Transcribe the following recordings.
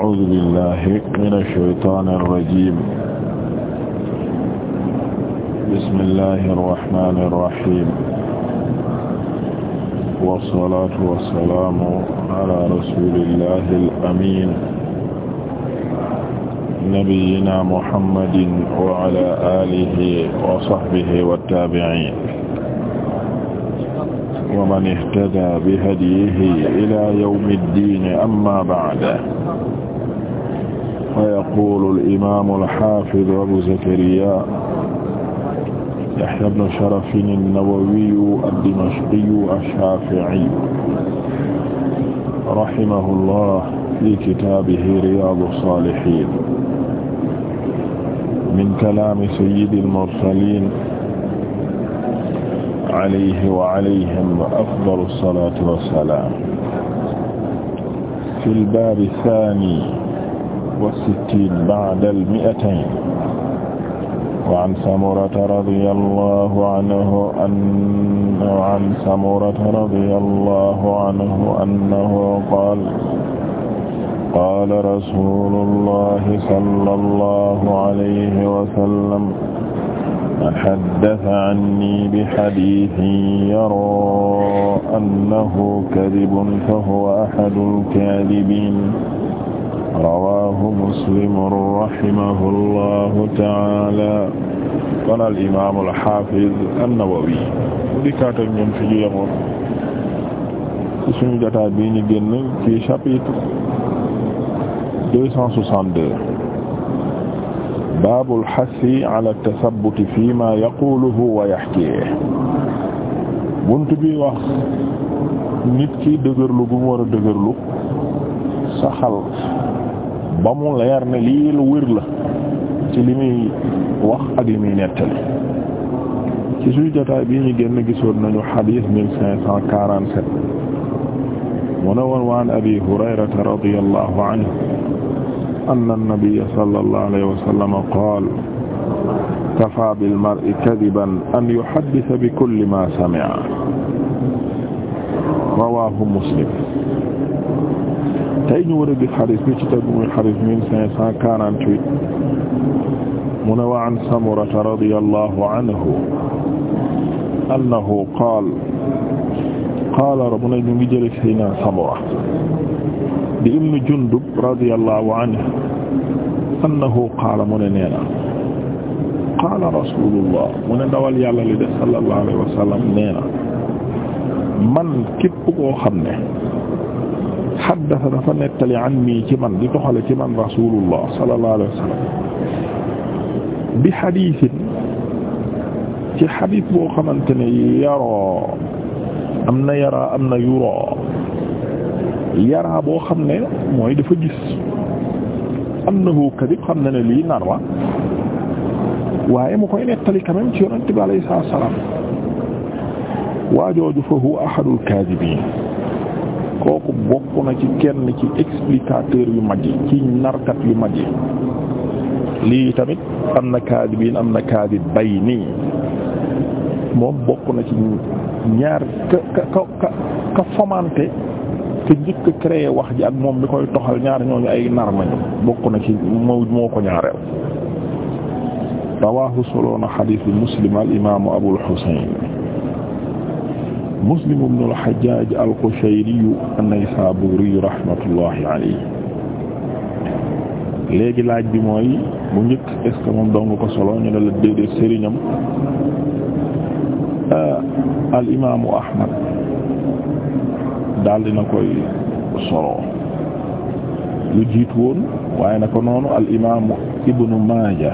أعوذ بالله من الشيطان الرجيم بسم الله الرحمن الرحيم والصلاة والسلام على رسول الله الأمين نبينا محمد وعلى آله وصحبه والتابعين ومن اهتدى بهديه إلى يوم الدين أما بعد فيقول الإمام الحافظ أبو زكريا يحيى بن شرف النووي الدمشقي الشافعي رحمه الله في كتابه رياض الصالحين من كلام سيد المرسلين عليه وعليهم أفضل الصلاة والسلام في الباب الثاني wa sittiin ba'da al-mi'atayn wa an Samurata radiyallahu anhu anna wa an Samurata radiyallahu anhu annahu qaala qaala rasuulullahi sallallahu alayhi wa sallam man haddasa anni bihadiisin yaraa annahu kadibun fahuwa ahadul kaadibiin rawaahu muslim rahimahullahu ta'ala kon al imaam al haafiz an-Nawawi mu dikkaat ak ñun fi ñu yemoon ci suñu jotaay bii ñu génn ci chapitre deux cent soixante-deux baabul hassi ala tasabbuti fii maa yaquluhu wa yahkiihi bunt bi wax nit ki dëgërlu bu mu war a dëgërlu saxal ba mu leer ne lii lu wér la ci li muy wax ak li muy nettali ci suñu jotaay bii ñu génn gisoon nañu xadiis mille cinq cent quarante-sept mu ne woon wa an abi hurayrata radiyallahu anhu anna an-nabiyya sallallahu alayhi wa sallam qaala kafaa bil-mar'i kadiban an yuhaddisa bi kulli maa sami'a rawaahu muslim tey ñu war a gis xadis bi ci tegu muy xadis mille cinq cent quarante-huit mu ne wa an Samurata radiyallahu anhu annahu qaala qaala mu ne ñu ngi jële Seydina Samura di ibnu Jundub radiyallahu anhu annahu qaala mu ne nee na qaala rasulullah mu ne ndawal yàlla li de sallallahu alayhi wa sallam nee na man képp koo xam ne haddasa dafa nettali an mii ci man di toxale ci man rasulullah sallallahu alayhi wa sallam bi xadiisin ci xadiis boo xamante ne yaroo am na yaraa am na yuroo yaraa boo xam ne mooy dafa gis annahu kadib xam na ne lii nar wa waaye mu koy nettali quand même ci yonent bi alayhi salaam waajooju fa huwa ahadul kaadibiin bokk na ci kenn ci explicateur yu mag yi ci narkat yu mag yi lii tamit am na kaadibiin am na kaadib bay nii moom bokk na ci ñaar ka ka ka ka fomenté te njëkk créé wax ji ak moom mi koy toxal ñaar ñooñu ay nar mañu bokk na ci moo moo ko ñaareel rawaahu soloona xadiis bi muslim al imaamu abul Muslim ibn al-Hajjaj al-Qushayri an-Naysaburi rahmatullahi alayhi léegi laaj bi mooy bu njëkk est ce moom dong ko solo ñu ne la déedéet sëriñam euh, al imaamu Ahmad daal dina koy solo lu jiitu woon waaye naka noonu al imaamu Ibn Maaja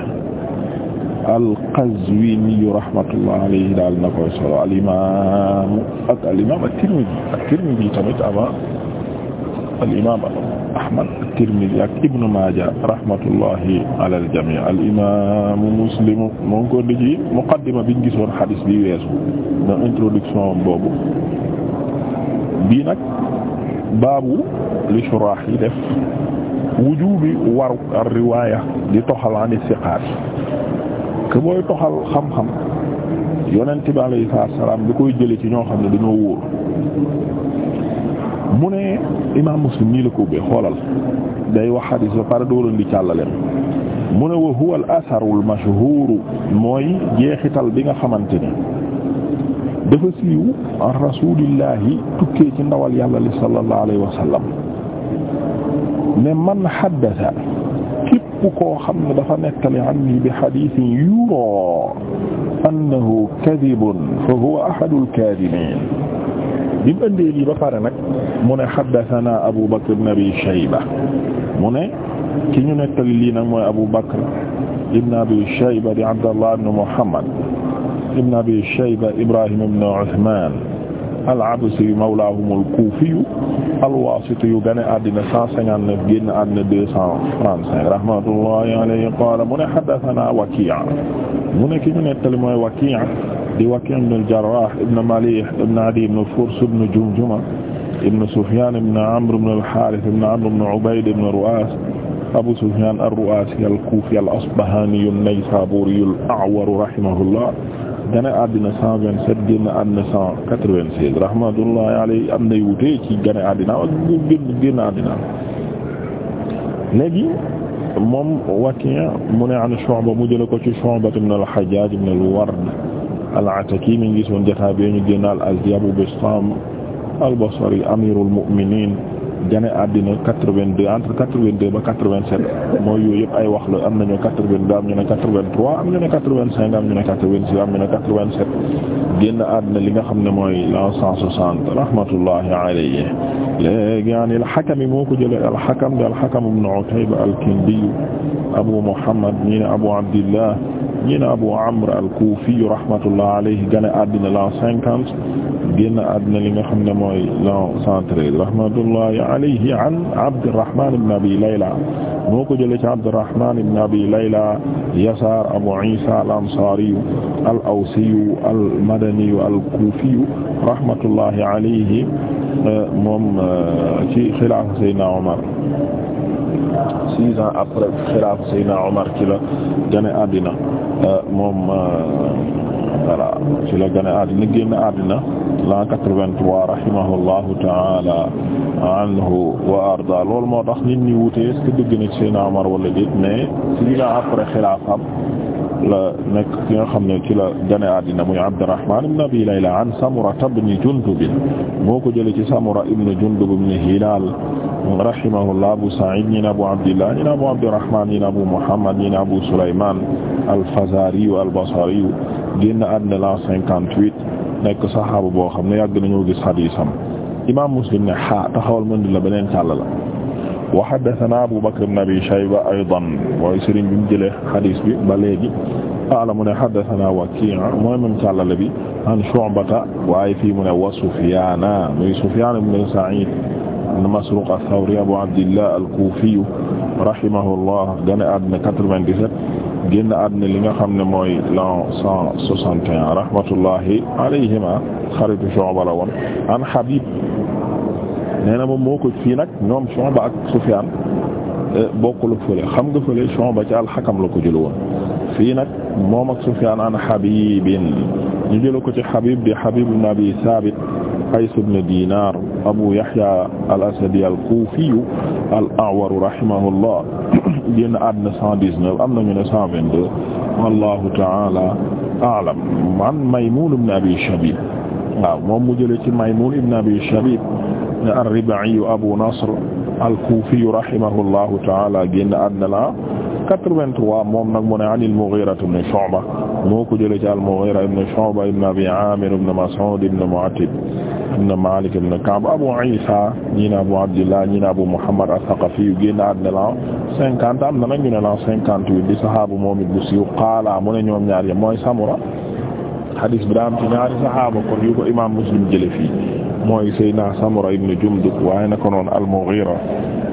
al-Qazwini rahmatullah alayhi daal na koy solo al-imaam ak al-imaam at-Tirmidhi at-Tirmidhi tamit avant al-imaam Ahmad at-Tirmidhi ak Ibn Maaja rahmatullahi ala al-jamii al-imaam Muslim moo ngi ko di ci muqaddima biñ gisoon xadis bi weesu na introduction boobu bii nag baabu li shuraax yi def wujuubi waru ar-riwaaya di toxal an siqaat que booy toxal xam-xam yonent bi alayhi salaam da koy jële ci ñoo xam ne dañoo wóor mu ne imaam muslim nii la ko ubbee xoolal day wax xadiis ba pare dooran di càllaleem mu ne wa huwa al atharu al mashhur mooy jeexital bi nga xamante ni dafa siiw an rasulillahi tukkee ci ndawal yàlla li sallallahu alayhi wa sallam ne man xaddata képp koo xam ne dafa nettali anni bi hadiisin yuraa annahu kadibun fa huwa ahadul kaadibiin bi mu ëndee lii ba pare nag mu ne haddasanaa Abu Bakr ibn Abi Shayba mu ne ki ñu nettali lii nag mooy Abu Bakr ibn Abi Shayba di Abdallah ibn Muhammad ibn Abi Shayba Ibrahim ibn Usmaan al-Absi mawlaahum al-Kuufi al-Waasiti yu gane àddina 159 génn àddina 235 rahmatullahi alayhi qaala mu ne haddathanaa Wakii' mu ne ki ñu nettali mooy Wakii' di Wakii' ibn al-Jarraah ibn Maliih ibn Adiy ibn Furs ibn Jumjuma ibn Sufyaan ibn Amr ibn al-Haarith ibn Amr ibn Ubayd ibn Ru'aas Abu Sufyaan ar-Ru'aasi al-Kuufi al-Asbahaani an-Naysaabuuri al-A'war rahimahullah gane àddina cent vingt sept génn àddina cent quatre vingt seize rahmatullahi alayhi am na wutee ci gane àddina ak génn génn àddina léegi moom Waki' mu ne an Shu'ba mu jële ko ci Shu'ba ibn al-Hajjaj ibn al-Ward al-Ataki mi ngi gisoon jotaay bi ñu génnaal al-Azyab Bistam al-Basri amirul mu'minin gane àddina quatre-vingt-deux entre quatre-vingt-deux ba quatre-vingt-sept mooy yooyu yëpp ay wax la am nañu quatre-vingt-deux am ñu ne quatre-vingt-trois am ñu ne quatre-vingt-cinq am ñu ne quatre-vingt-six am ñu ne quatre-vingt-sept génn àddina li nga xam ne mooy la cent soixante rahmatullahi alayhi léegi an al-Hakam moo ko jëlee al-Hakam da al-Hakam ibn Utayba al-Kindi Abu Muhammad ñi ne Abu Abdillah ñi ne Abu Amr al-Kufi rahmatullahi alayhi gane àddina la cinquante génn àddina li nga xam ne mooy la cent treize rahmatullahi alayhi an Abdurrahman ibn Abi Layla moo ko jëlee ci Abdurrahman ibn Abi Layla Yasaar Abu Isa al-Ansari al-Awsi al-Madani al-Kufi rahmatullahi alayhi moom uh, ci xilaafa Seydina Omar six ans après xilaafa Seydina Omar ci la gane àddina uh, moom uh, voilà ci la gane àddina génn àddina l'an 83 rahimahullahu taala anhu wa arda loolu moo tax nit ni wute est-ce que dëgg na ci wala déet mais ci dina après xilaafam nekk ki nga xam ne ci la gane àddina muy Abdurrahman ibn Abi Layla an Samura ibn Jundub moo ko jële ci Samura ibn Jundub ibn Hilal rahimahullah Abu Sa'id ñi ne Abu Abdillah ñi ne Abu Abdurrahman ñi ne Abu Muhammad ñi ne Abu Sulayman al-Fazari al-Basri génn àddina la 58 nekk saxaaba boo xam ne yàgg nañoo gis hadiisam imaam Muslim ne xaa taxawal mën di la beneen càll la wa haddathana Abu Bakr ibn Abi Shayba aydan mooy sëriñ bi mu jëlee hadiis bi ba léegi qaala mu ne haddathana Waki' mooy mën càllale bi an Shu'bata waaye fii mu ne wa Sufyaan muy Sufyaan ibn Sa'iid ibn Masruq ath-Thawri Abu Abdillah al-Kufi rahimahullah gane àddina 97 génn àddina li nga xam ne mooy l'an 161 rahmatullahi alayhima xaritu Shu'ba la woon an Habib nee na moom moo ko fii nag ñoom Shu'ba ak Sufyaan eh, bokkul fële xam nga fële Shu'ba ci al-Hakam la ko jël woon fii nag moom ak Sufyaan an Habib ñu jël ko ci Habib di Habib ibn Abi Thabit Qays ibn Dinar Abu Yahya al-Asadi al-Kufi al-A'war rahimahullah génn àddina 119 am nañu ne 122 wallahu ta'ala a'lam man Maymun ibn Abi Shabib waaw moom mu jëlee ci Maymun ibn Abi Shabib ar-Riba'i Abu Nasr al-Kufi rahimahullahu ta'ala génn àddina la 83 moom nag mu ne an al-Mughira ibn Shu'ba moo ko jëlee ci al-Mughira ibn Shu'ba ibn Abi Amir ibn Mas'ud ibn Mu'attib ibn Malik Abu Isa Abu Abdillah Abu Muhammad as-Saqafi yu génn àddina la cinquante am na nag ñu ne la cinquante-huit di saxaabu moom it bu siiw qaala mu ne ñoom ñaar mooy Samura hadis Muslim jële fii mooy Seydina Samura ibn Jundub waaye naka noonu al-Mughira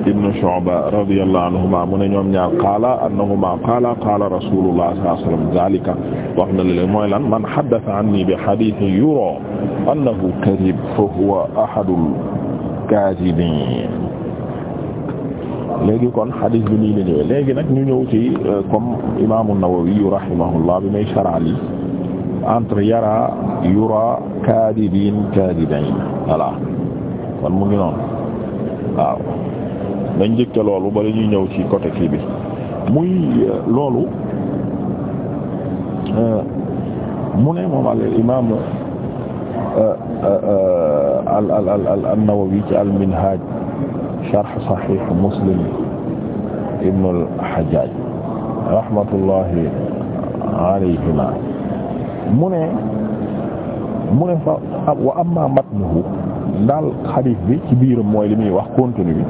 ibn Shu'ba radiyallahu anhuma mu ne ñoom ñaar qaala annahuma qaala qaala rasulullah sallallahu alayhi wasallam zalika wax na leen mooy lan man haddatha anni bi hadithin yura annahu kadhib fa huwa ahadul kaadibin léegi kon hadith bi nii la ñëwee léegi nag ñu ñëw ci euh, comme imaamu an-Nawawi rahimahullah bi may sharali entre yara yura kaadibin kaadibayn voilà kon mu ngi noonu waaw dañ njëkke loolu ba ñuy ñëw ci côté kii bi muy euh, loolu euh, mu ne moom al imaam euh, al nawawi ci al-Minhaj sharh Sahih Muslim ibn al-Hajjaj rahmatullahi alayhima mu ne mu ne fa wa matnuhu daal xadiis bi ci biiram mooy li muy wax contenu bi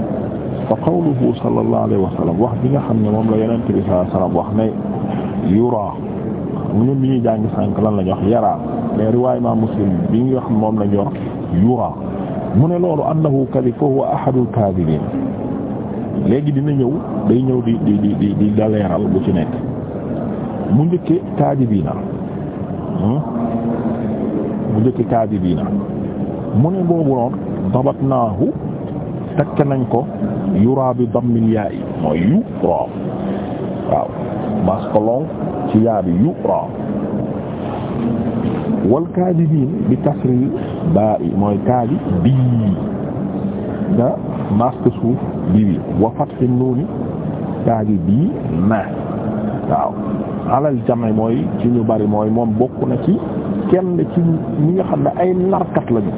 fa qawluhu sallallahu alayhi wa sallam wax bi nga xam ne moom la yonent bi sallallahu alayhi wa sallam wax ne yura ñun ñuy jàngi sànk lan la ñu wax yara mais riwaay ma muslim bi nga xam moom la ñu wax yura mu ne loolu annahu kadib fa huwa ahadul léegi dina ñëw day ñëw di di di daleeral bu ci nekk mu njëkke kadibina hmm mu njëkke kadibina mu ne boobu noonu dabat takk nañ ko yura bi dammil yaa yi mooy yura waaw maskolong ci yaa bi yura wal bi kasril baa yi mooy kaadi bii nga mask suuf bi bi wa fathi nuuni kaadi bii na waaw alal jame mooy ci ñu bari mooy moom bokk na ci kenn ci ñi nga xam ne ay narkat lañu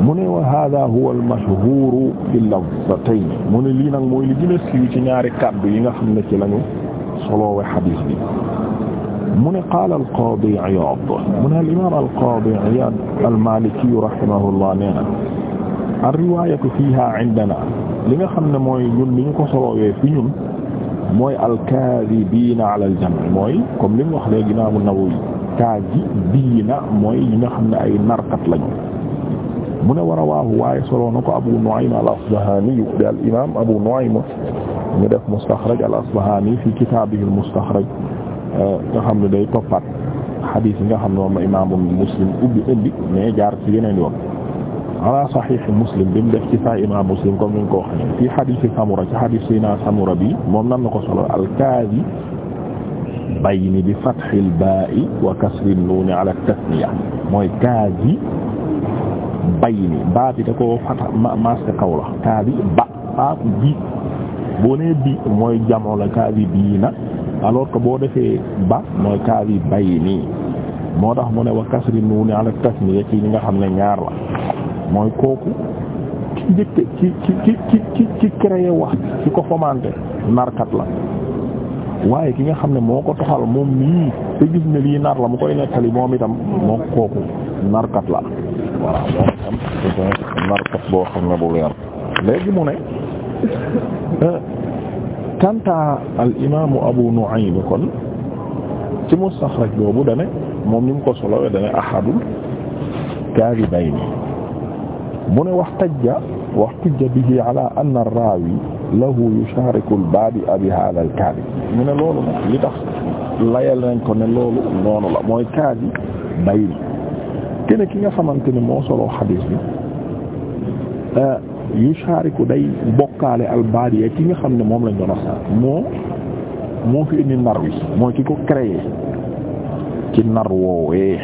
mu ne wa hada huwa al-mashhuru bil lafzatayn mu ne lii nag mooy li gën a siiw ci ñaari kàddu yi nga xam ne ci lañu soloowe xadiis bi mu ne qaala al-qaadi Iyaad mu ne al-imaam al-qaadi Iyaad al-Maaliki rahimahullah nee na ar-riwaayatu fiihaa indanaa li nga xam ne mooy ñun li ñu ko soloowee fi ñun mooy al-kaadibiina ala al-jam'i mooy comme li mu wax léegi Imaam an-Nawawi kaadibiina mooy ñi nga xam ne ay narkat lañu mu ne war a waahu waaye solo na ko Abu Nu'aym al-Asbahani di al imaam Abu Nu'aym ñu def mustaxraj al-Asbahani fi kitaabihi al-mustaxraj nga xam ne day toppat xadiis yi nga xam ne moom la imaamu Muslim ubbi indi mais jaar ci yeneen yoon ala saxiix Muslim bi mu def ci saa imaam Muslim comme ni ñu ko waxee fii xadiisi Samura ci xadiis Sina Samura bi moom nan la ko solo al-kaazi bayni bi fathil baa'i wa kasrin nuuni ala tasniya mooy kaazi bayni baa bi da ko fata maska kaw la kaa bi ba baa bi boo nee bi mooy jamoo la kaa bi bii na alors que boo defee ba mooy kaa bi bayni moo tax mu ne wa kasri nuuni ala tasniya ci ñi nga xam ne ñaar la mooy kooku ki njëkk ci ci ci ci ci ci créé wax ci ko fomante narkat la waaye ki nga xam ne moo ko toxal moom yii te gis ne lii nar la mu koy nettali moom itam moo kooku narkat la voilà narkat boo xam bu weer léegi mu ne euh, kanta al imaamu abu nu'aym kon ci mustaxraj boobu dane moom ni mu ko solowee dane ahadul kaadibayni mu ne wax tajja wax tajja bihi ala anna ar-raawi lahu yushaariku al-baadi'a bi haadha al-kaadib mu ne loolu nag li tax layal nañ ko ne loolu noonu la mooy kaadibayni kene ki nga xamante ne moo soloo xadiis bi euh, yushariku day bokkaale albadiya ki nga xam ne moom lañ doon wax moo moo fi indi nar wi mooy ki ko créé ci nar woowee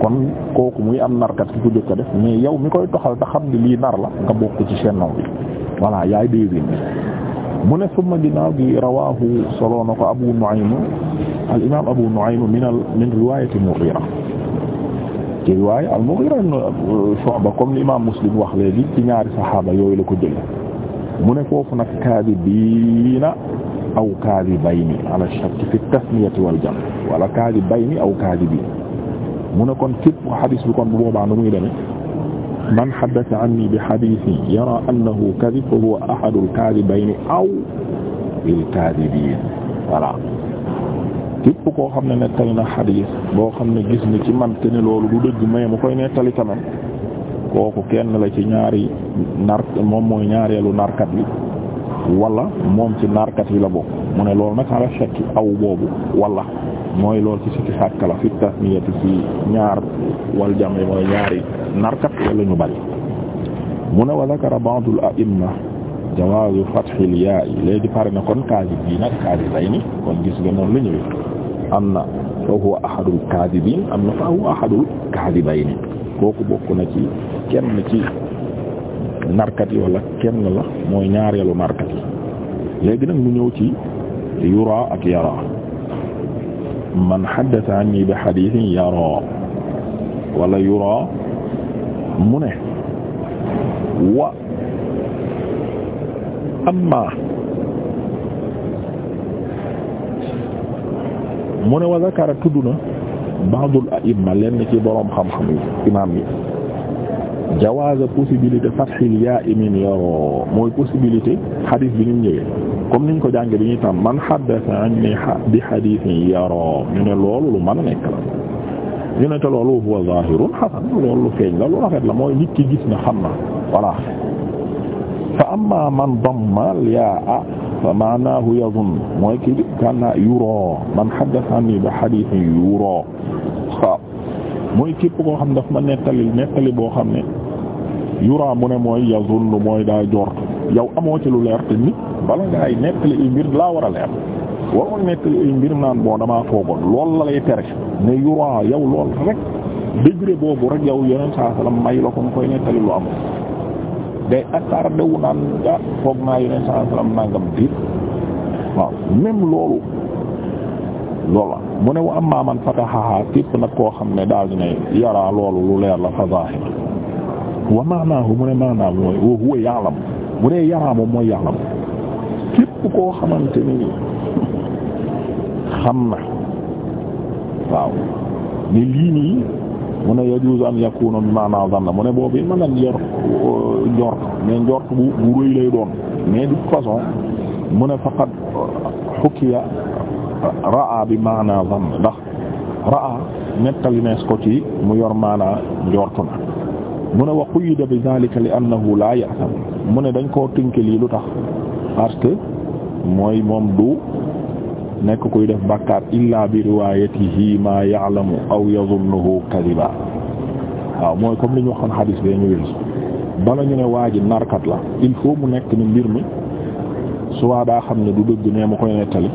kon kooku muy am narkat ki ko jëkk a def mais yow mi koy toxal te xam ne lii nar la nga bokk ci seen naw bi voilà yaay deuxième bi mu ne summa ginnaaw gi rawaahu soloo na ko Abu Nu'aym al imaam Abu Nu'aym min al min riwaayati ci riwaaya al-Mughira ibn Shu'ba comme l'imam Muslim wax léegi ci ñaari saxaaba yooyu la ko jële mu ne foofu nag kaadibiina aw kaadibayni ala shakk fi tasmiyati wal jam wala kaadibayni aw kaadibiin mu ne kon képp xadis bi kon bu boobaa nu muy demee man haddatha anni bi hadiisin yara annahu kadib fa huwa ahadul kaadibayni aw il kaadibiin voilà képp koo xam ne nettali na xadiis boo xam ne gis ni ci man te ne loolu du dëgg mais mu koy nettali tamit kooku kenn la ci ñaari nar moom mooy ñaareelu narkat bi wala moom ci narkat yi la bokk mu ne loolu nag ala aw boobu wala mooy lool ci sikki sàkka la fi tasniyati ci ñaar wal jami mooy ñaari narkat wala ñu bari mu ne wa zakara ba'dul a'imma jawaazu fathil yaa pare na kon kaasi bii nag kaasi lay ni kon gis nga noonu la ñëwee am na fa huwa ahadul kaadibiin am na fa huwa ahadul kaadibayni kooku bokk na ci kenn ci narkat yi wala kenn la mooy ñaareelu narkat yi léegi nag mu ñëw ci yura ak yara man haddatha anni bi hadithin yara wala yura mu ne wa amma mu ne wa zakara tudd na ba'dul a'imma lenn ci boroom xam-xam yi imaam yi jawaaza possibilité fathil min yoro mooy possibilité xadis bi ni mu ñëwee comme niñ ko jànge bi ñuy tam man haddatha anni bi xadisin yoro ñu ne loolu lu mën a nekk ñu ne te loolu huwa zaahirun hasan loolu lu feeñ la lu rafet la mooy nit ki gis na xam na voilà fa amma man damma al fa maanaahu yazunn mooy ki kana yuroo man haddasa nii bi hadiisin yuroo waaw mooy képp koo xam daf ma nettali nettali boo xam ne yura mu ne mooy yazunn mooy daa jort yow amoo ci lu leer te nit bala ngay nettali ay laa war a leer waroo nettali ay mbir naan bon foogoon lool la lay tere ne yura yow lool rek degré boobu rek yow yeneen saa salaam may la koy nettali lu am day attardé wu naan ah foog naa yeneen saa salaam nangam biir waaw même loolu loola mu ne wa amma man fatahaha képp nag koo xam ne daal di ne yaraa loolu lu leer la fa zahir wa maanaahu mu ne maanaam mooy wa huwa ya'lam bu dee yaraa moom mooy ya'lam képp koo xamante ni xam na waaw ne lii nii. mu ne yajuuz an yakuna bi maana zanna mu ne boobu it mën na bu bu lay doon mais de toute mu ne faqad xukiya raa bi maana zann ndax raa nettali nees ko ci mu yor maana njortu na mu ne wa bi zalika li annahu la ya'tam mu ne dañ ko tënk lii lu tax parce que mooy moom du nekk kuy def bàkkaar illa bi riwayatihi ma ya'lamu aw yadhunnuhu kadiba waaw mooy comme li ñu waxoon xadis bee ñu wér bala ne waa ji narkat la il faut mu nekk ni mbir mi soit daa xam ne du dëgg ne mu koy nettali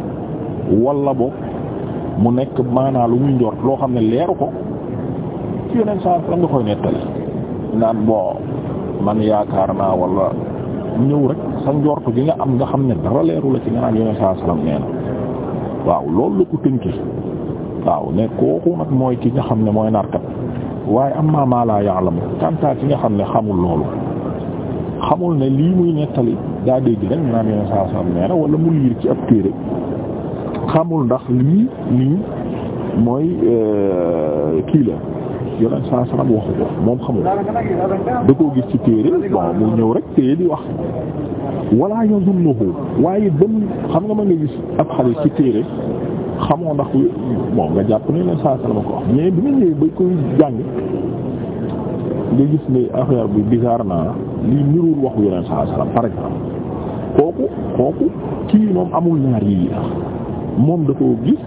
wala boog mu nekk maanaa lu muy njort loo xam ne leeru ko ci yeneen saa la nga koy nettali naan boo man yaakaar naa wala ñëw rek sa njort gi nga am nga xam ne dara leeru la ci nga naan yeneen saa salaam nee waaw loolu la ko tënki waaw ne kooku nag mooy ki nga xam ne mooy narkat waaye amma ma la ya'lam kantaa ki nga xam ne xamul loolu xamul ne lii muy nettali daa dégg rek ñu naan yeneen saa saam nee na wala mu liir ci ab téere xamul ndax lii lii mooy euh, kii la yeneen saa saam waxu ko moom xamul da koo gis ci téere bon mu ñëw rek téye di wax wala yazunnuhu waaye bam xam nga ma nga gis ab xale ci téere xamoo ndax bon nga jàpp ne leen saa salama ko mais bi nga ñëwee ba koy jàng nga gis ni affaire bi bizarre naa li niruul waxu yeneen saa salam par exemple kooku kooku kii moom amul ñaar yi tax moom da koo gis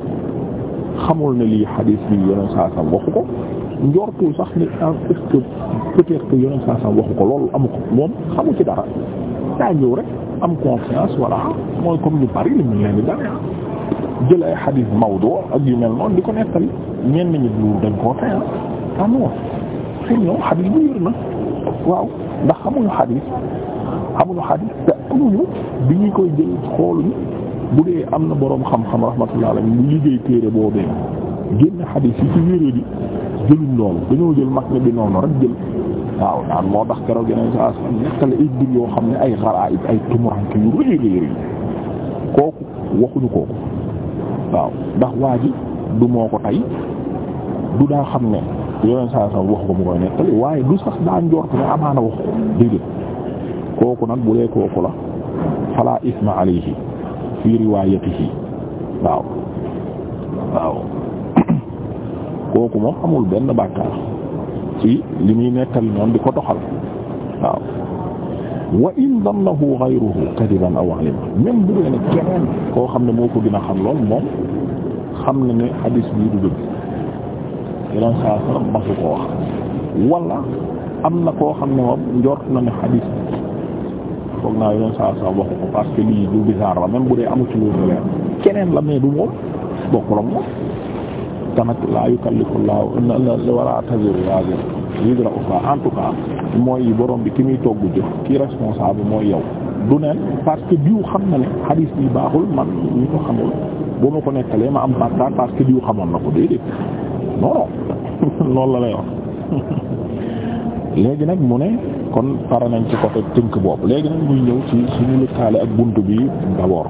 xamul ne lii xadiis bi yeneen saa salam waxu ko njortul sax ni ah, est-ce que saa salam waxu ko loolu amu moom xamu ci dara daa ñëw rek am confiance voilà mooy comme ñu bari li mu leen di dara jël ay xadiis mawdu ak yu mel noonu di ko nettali ñenn ñi duur dañ koo tey ah. ah non pour xadiis bu yër na waaw ndax xamuñu xadiis xamuñu xadiis te bi ñu koy jël xooluñu am na boroom xam-xam rahmatullah alayhi lu liggéey téere boobee génn xadiis yi ci wéeré di jëluñ loolu dañoo jël mag ne bi noonu rek jël waaw naan moo tax keroog yeneen yoo xam ne ay xaraayib ay tumuranke yu rëy rëy rëy kooku waxuñu kooku waaw ndax waa du moo ko tey du daa xam ne yeneen saa saa wax ko mu koy nettali waaye du sax daa njort ne amaana wax ko déedéet kooku nag bu dee kooku la fala isma alayhi fi riwaayatihi waaw waaw kooku moom amul benn bàkkaar ci li muy nettali ñoom di ko doxal waaw wa in dannahu a kadiban aw alima même bu dee ne keneen koo xam ne moo ko gën a xam lool moom xam na ne hadis bii du dëgg yeneen saa sax masu ko wax wala am na koo xam ne moom njort na ne hadis foog naa yeneen saa sax waxu ko parce lii du bizarre la même bu dee amu ci lu leer keneen la mais du moom bokkul ak moom te nag laa yukallifu llaahu wala taziru waazira wizra uxraa en tout cas mooy borom bi ki muy togg jëf ki responsable mooy yow du neen parce que diw xam na ne xadiis bi baaxul man ñu ko xamul bu ma ko lee ma am bàkkaar parce que xamoon na ko déedéet non non loolu la lay léegi nag mu ne kon pare nañ ci côté tënk boobu léegi nag muy ñëw ci suñu lëkkaale ak bunt bi d'abord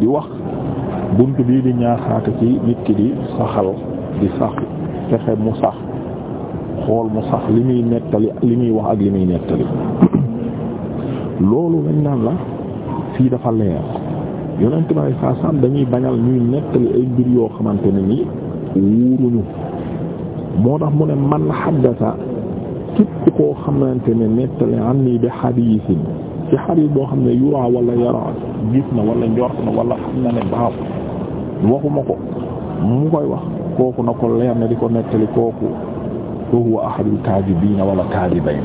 di wax bunt bii di ñaaxaate ci nit ki di saxal di sax fexe mu sax xool mu sax li muy nettali li muy wax ak li muy nettali loolu lañ naan la fii dafa leer yonent bi ay saasam dañuy bañal ñuy nettali ay mbir yoo xamante ne ni wuuruñu moo tax mu ne man xaddasa képp koo xamante ne nettali am nii bi xadiisin ci xadiis boo xam ne yuraa wala yara gis na wala njort na wala xam na ne baaxul waxuma ko mu koy wax kooku na ko leer ne di ko nettali kooku fa huwa ahadul kaadibiina wala kaadibayn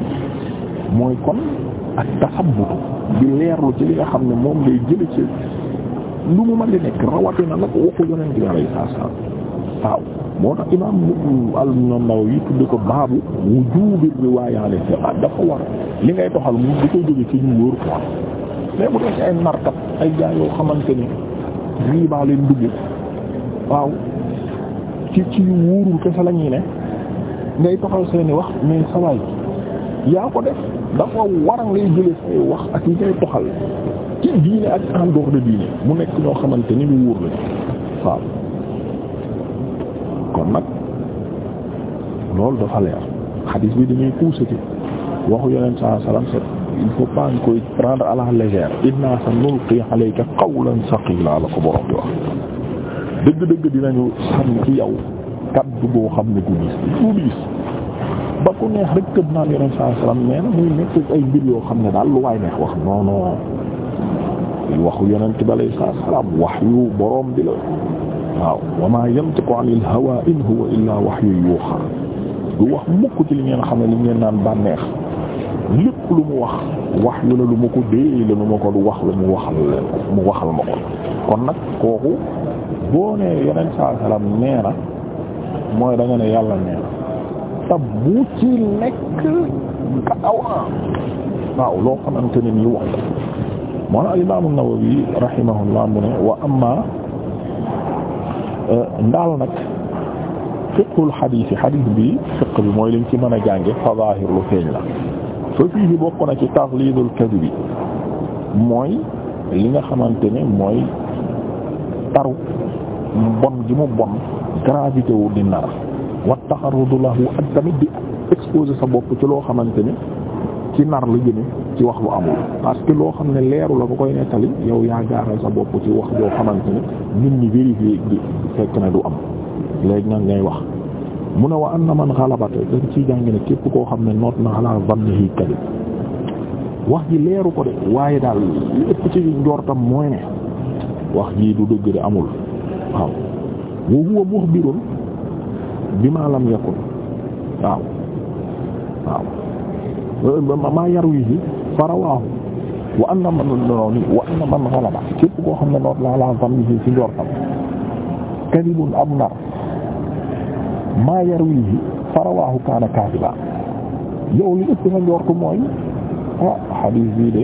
mooy kon ak tasabbutu di leerlu ci li nga xam ne moom ngay jëli ci lu mu ma di nekk rawatina nag waxu yonent bi alayhi salaam waaw moo tax imaam an-Nawawi tudde ko baabu wujuubi riwaaya ala dafa war li ngay doxal mu di ko jóge ci ñu wóor quoi mais bu dee ci ay narkat ay gaa yoo xamante ni riibaa leen dugg waaw ci ci wóorul kese la ñuy ne ngay toxal seeni wax mais sawaay yaa ko def dafa war a ngay jële wax ak yi ngay toxal ci diine ak en dehors de diine mu nekk ñoo xamante ni lu wóor lañu waaw kon nag loolu dafa leer xadiis bi dañuy puusati waxu yeneen saa salaam set il faut pas ñu koy prendre à la légère inna sanulqi alayka qawlan saqila la ko borom bi wax dëgg-dëgg dinañu sànni ci yow kaddu boo xam ne du diis du diis ba ku neex rek tëb naan yeneen saa salaam nee na muy nekk ay mbir yoo xam ne daal lu waay neex wax non non waxu yonent bi alayhi salaam wax yu borom bi la waaw wa maa yantiqu anil hawaa in huwa illaa wahyun yuuhaa du wax mukk ci li ngeen xam ne li ngeen naan bànneex lépp lu mu wax wax yu la lu ma ko dee la lu ma ko du wax la mu waxal leen mu waxal ma ko kon nag kooku boo nee yeneen salaam nee mooy da ne yàlla nee na te bu nekk na waaw loo xamante ne nii wax la na al-Imaam nawawi rahimahullah mu ne wa amma euh, ndaal nag fiqhul xadiis yi xadiis bi fiqh bi mooy liñ ci mën a jànge fa zaahir lu feeñ la fa fiihi bokk na ci taxliidul kadibi mooy li nga xamante ne mooy taru bon gi mu bon gravité wu di nar wa taxarrudu lahu ak tamit di exposer sa bopp ci loo xamante ne ci nar la jëme ci wax lu amul parce que loo xam ne leeru la ko koy nettali yow yaa gaaral sa bopp ci wax joo xamante ne nit ñi vérifier di fekk na du am léegi nag ngay wax mu ne wa anna man xalabat dañ ci jàng ne képp koo xam ne noot na xalaat vannihi kadib wax ji leeru ko de waaye daal li ci njortam mooy ne wax jii du dëgg de amul waaw wa huwa muxbirun bima lam yakun waaw waaw maa yarwihi farawaahu wa anna man noonu wa anna man xalaba képp koo xam ne noot na xalaat vannihi ci njortam kadibun am nar maa yarwihi farawaahu kaana kaadiba yow li ëpp nga njortu mooy ah xadiis de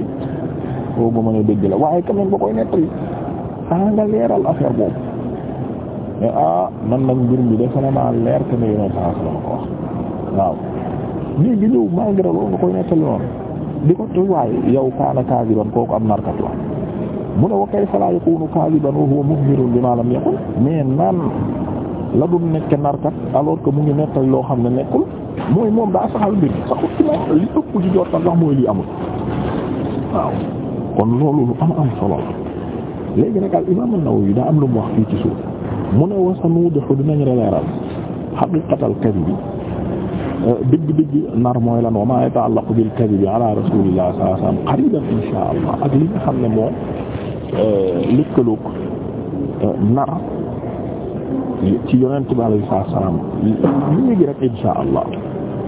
boobu ma ne dëgg la waaye quand même ba koy nettali ah nga leeral affaire boobu mais ah nan nag mbir mi defe naa leer que ne yeneen saa la ma ko wax waaw léegi ñëw malgré loolu nga kaana kaadiban kooku am narkat la mu ne wa kayfa laa yakuunu kaadiban wa huwa muxbirun bimaa lam la doon nekk narkat alors que mu ngi nekk loo xam ne nekkul mooy moom daa saxal mbir saxul ci moom li ëpp ci sax mooy lii amul waaw kon loolu lu am am solo la léegi nag al imaam an daa am lu mu wax fii ci suuf mu ne wasa nu defu dinañ leeral xaqiqatal kadib bi dëgg digg nar mooy lan wa ma yata'allaqu bil kadib ala rasulillah sallallahu alayhi wasallam qariban insha allah ak li nga xam ne moo euh, lëkkaloog euh, nar. ci yonent bi alayhi salaam léegi rek insha allah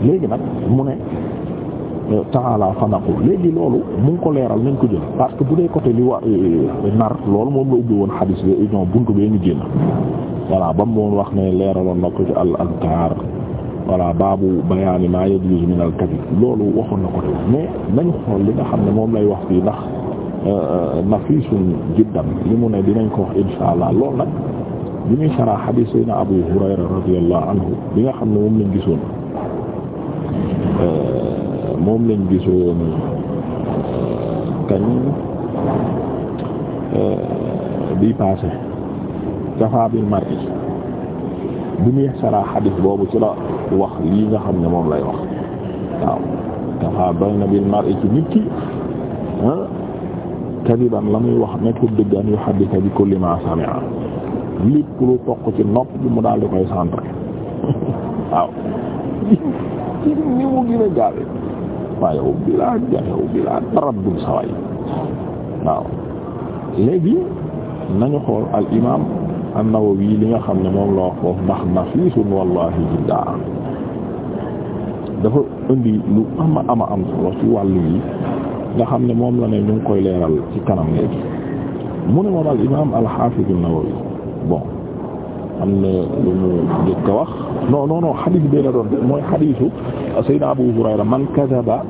léegi nag mu ne euh, ta'ala fa naqul léegi loolu mu ko leeral nañ ko jël parce que bu dee côté li wa euh, nar lool moom la ubbi woon xadis bi ñoom buntu bee ñu génn voilà ba mu wax ne leeraloon na ko ci al azkaar voilà baabu bayaani maa yajuuzu min al loolu waxoon na ko de mais nañ xool li nga xam ne moom lay wax fii ndax euh, nafiisun jiddan li mu ne dinañ ko wax insha allah lool nag. bi muy sara xadiis sayna Abu Hurayra radiyallahu anhu bi nga xam ne moom lañ gisoon euh, moom lañ gisoon euh, kañ euh, bi passé kafa bil mar'i bi muy sara xadiis boobu ci la wax lii nga xam ne moom lay wax waaw kafa bayna bil mar'i ci nit ki ah, kadiban la muy wax nekkul dëggaan yu xaddisa bi kulli ma sami'a lépp lu toq ci nopp bi mu daal di koy centre waaw ni mu gën a gaawe waaye yow bi laa jaxew bi laa taraddul saway waaw léegi nañu xool al imaam an-Nawawi li nga xam ne moom la wax foofu ndax nafiisun wallahi jiddaa dafa am ci wàllu yi nga xam ne moom la ne ñu ngi koy leeral ci kanam léegi mu ne moom al imaam al-Hafiz nawawi bon am na lu a wax non non non xadis bi la doon mooy xadisu sayyidina Abu Hurayra man kadhaba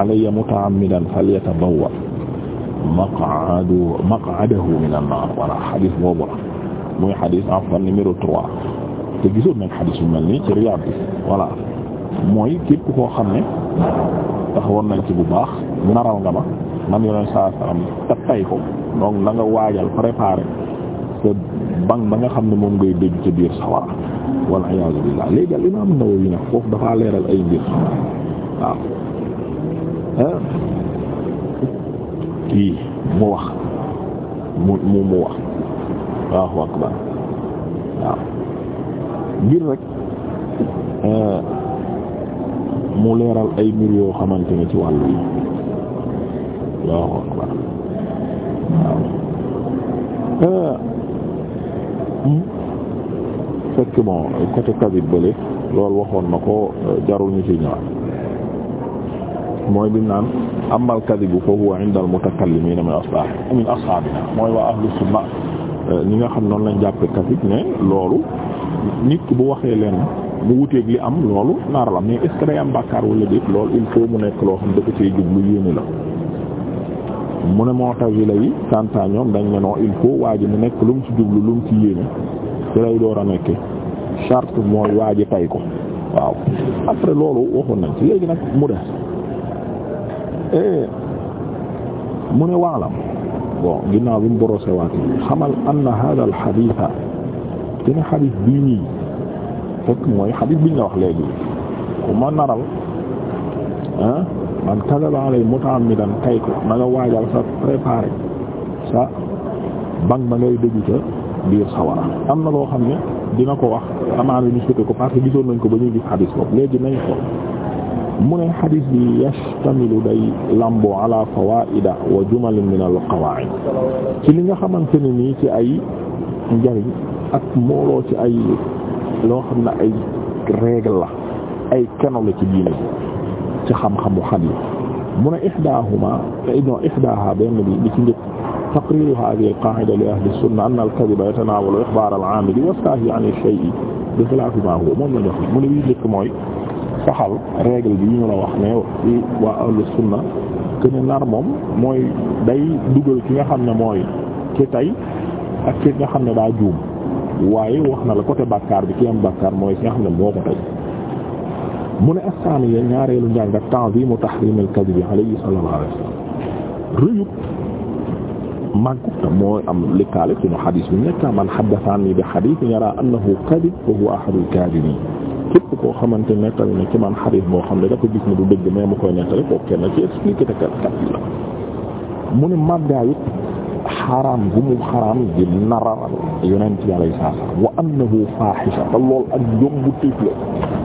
alayya muta'ammidan falyatabawwa maq'adahu maq'adahu minan nar wala xadis boobu la mooy xadis enfant numéro trois te gisoon nañ xadis bu mel ci Riyad bi voilà mooy képp koo xam ne taxawoon nañ ci bu baax naral nga ma man yoneen saa salaam te tay ko donc na nga waajal préparer sa ba nga xam ne moom ngay dégg ci biir sawara wal iyaazu billaah léegi al imaam Nawawi nag foofu dafaa leeral ay mbir waaw kii mu wax mu mu mu wax waaw akbar waaw ngir rek euh, mu leeral ay mbir yoo xamante ne ci wàll yi waaw akbar waaw euh, hum fekk bon côté kabit bële loolu waxoon na ko euh, jarul ñu ci mooy bi naan amal kadibu fa huwa inda al mutakallimiina min ashab min ashaabina mooy wax ahlu sunna euh, ñi nga xam noonu lañ jàppe kabit ne loolu nit bu waxee leen mu wuteeg li am loolu naar la mais est ce que day am bàkkaar wala déet loolu il faut mu nekk loo xam da ko cee jublu yéene la mu ne mu'tazila yi kanta ñoom dañ ne non il faut waa ji nekk lu mu ci jublu lu mu ci yéene ci lay door a nekke charte mooy waa ji tay ko waaw après loolu waxoon nañ ci léegi nag mu def eh, mu ne waalam bon ginnaaw bi mu borosé waat xamal anna hada al xadiisa dina xadiis bii fekk mooy xadiis bi ñu la wax léegi ku ma naral ah man kadaba alay muta'ammidan kaytu na nga waajal sa préparer sa bang ba ngay dëggu ca biir sawara am na loo xam ne dina ko wax amaana ñu suute ko parce que gisoon nañ ko ba ñuy gis xadis boobu léegi nañ xool mu ne xadis bi yastamilu day lambo ala fawaida wa jumalin min al qawaid ci li nga xamante ne nii ci ay njariñ ak mooloo ci ay loo xam ne ay règle la ay keno la ci diine ci xam-xamu xadiis mu ne ihdaahuma non ihdaaha benn bi bi ci njëkk taqriiru haadihi al-qaa'ida li ahli sunna anna al-kadhiba yatanaawalu ikhbaar al-'aamili was-saahi 'an ash-shay'i bi maa huwa moom la jox mu ne bii njëkk mooy saxal règle bi ñu la wax ne waa ahlu sunna que ne nar moom mooy day dugal ki nga xam ne mooy ki tay ak ki nga xam ne daa juum waaye wax na la côté bakkaar bi ki am bàkkaar mooy ki nga xam ne moo ko tay mu ne assaaniya ñaareelu njàngat ta'zimu tahrim al-kadhib alayhi sallallahu alayhi wa sallam rëyub màggu te mooy am likkaale suñu xadis bi nekka man haddathaani bi hadithin yara annahu kadhib wa huwa ahadul kadhibin képp koo xamante nettali na ci man xadis boo xam ne dafa gis ne du dëgg mais mu koy nettali koo kenn ci expliqué te kat yi la mu ne màggaayut xaraam gu mu xaraam di nararal yonent yàlla yi saa saa wa annahu faahisha te lool ak jombu téef la